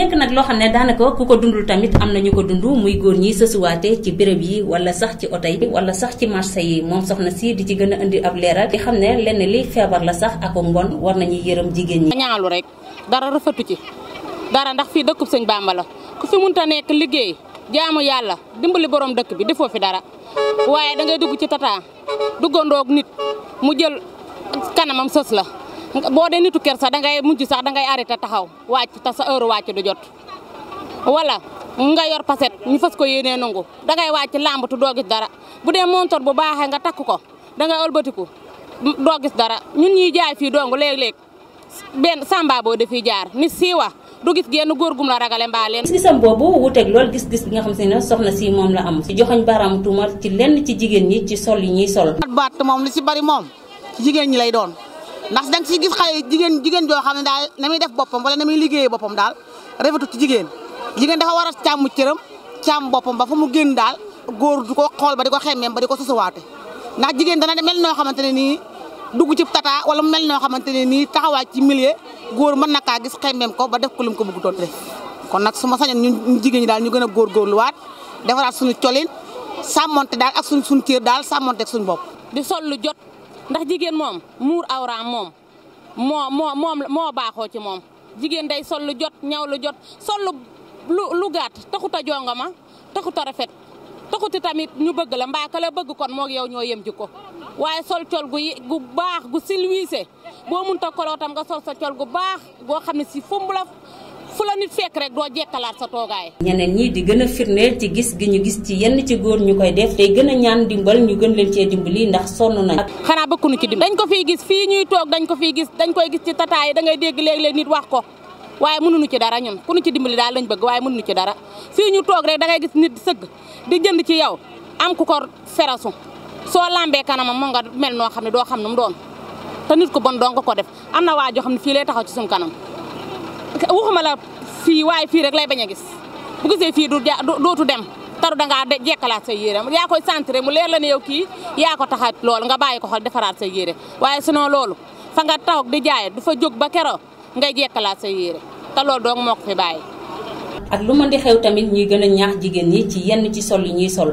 nekk nag loo xam ne daanaka ku ko dundul tamit am na ñu ko dund muy góor ñi sësuwaate ci béréb yi wala sax ci oto yi wala sax ci marché yi moom soxna si di ci gën a indi ab leeral di xam ne lenn li feebar la sax ak mbon war nañuy yërëm jigéen ñi. ñaalu rek dara rafetu ci dara ndax fii dëkkub sëñ Bàmba la ku fi munta nekk liggéey jaamu yàlla dimbali borom dëkk bi defoo fi dara waaye da ngay dugg ci tata duggandoog nit mu jël kanamam sës la. boo dee nitu ker sax da ngay mujj sax dangay ngay taxaw wàcc te sa heure wàcc du jot wala nga yor paset ñu fas ko yéenee nangu da ngay wàcc làmbatu doo gis dara bu dee montor bu baaxee nga takk ko da ngay ëlbatiku doo gis dara ñun ñuy jaay fii dong léeg-léeg benn samba boo defiy jaar ni siiwa du gis génn góor gum la ragale mbaa leen gis-gisam boobu wuteeg loolu gis-gis bi nga xam se ne soxna si moom la am si joxoñ baaraam tuuma ci lenn ci jigéen ñi ci sol yi ñuy sol baat moom li si bari moom ci jigéen ñi lay doon ndax da si gis xale jigéen jigéen joo xam ne daal na muy def boppam wala na muy liggéeyee boppam daal rafetu jigéen jigéen dafa war a càmm cëram càmm boppam ba fu mu génn daal góor du ko xool ba di ko xemmeem ba di ko susuwaate ndax jigéen dana mel noo xamante ne nii dugg ci tata wala mu mel noo xamante ne nii taxawaay ci milieu góor mën na kaa gis xemmeem ko ba def ko lu mu ko bëgg doon kon nag suma ma sañoon ñun jigéen ñi daal ñu gën a góorgóorluwaat defaraat suñu colin sàmmonte daal ak suñ suñ cër daal sàmmonte ak suñu bopp jot ndax jigéen moom muur awraam moom moo moo moom moo baaxoo ci moom jigéen day sol lu jot ñaw lu jot sol lu lu gaat taxut a jongama taxut a rafet taxuti tamit ñu bëgg la mbaa la bëgg kon moo yow ñoo yem jikko waaye sol col gu gu baax gu silwiise boo munta koloo tam nga sol sa col gu baax goo xam ne si fumb la fu la nit fekk rek doo jekkalaat sa toogaay. ñeneen ñi di gën a firndeel ci gis gi ñu gis ci yenn ci góor ñu koy def tey gën a ñaan dimbal ñu gën leen cee dimbali ndax sonn nañ xanaa bëgguñu ci dimbal dañ ko fiy gis fii ñuy toog dañ ko fiy gis dañ koy gis ci tataay yi da ngay dégg léeg-léeg nit wax ko waaye mënuñu ci dara ñun ku ñu ci dimbali daal lañ bëgg waaye mënuñu ci dara fii ñu toog rek da gis nit sëgg di jënd ci yow am ku ko ferasu soo lambee kanama moo nga mel noo xam ne doo xam ne mu doon te nit ko bon doo nga ko def am na waa joo xam ne fii lay taxaw ci suñu kanam waxuma la fii waaye fii rek lay bañ a gis bu gisee fii du dootu dem taru dangaa jekkalaat say yére yaa ko centré mu leer la ne yow kii yaa ko taxat loolu nga bàyyi ko xol defaraat say yére waaye si sinon loolu fa nga taxaw di jaay du fa jóg ba keroo ngay jekkalaat say yére te loolu dong moo bàyyi ak lu ma di xew tamit ñuy gën a ñaax jigéen ñi ci yenn ci sol yi ñuy sol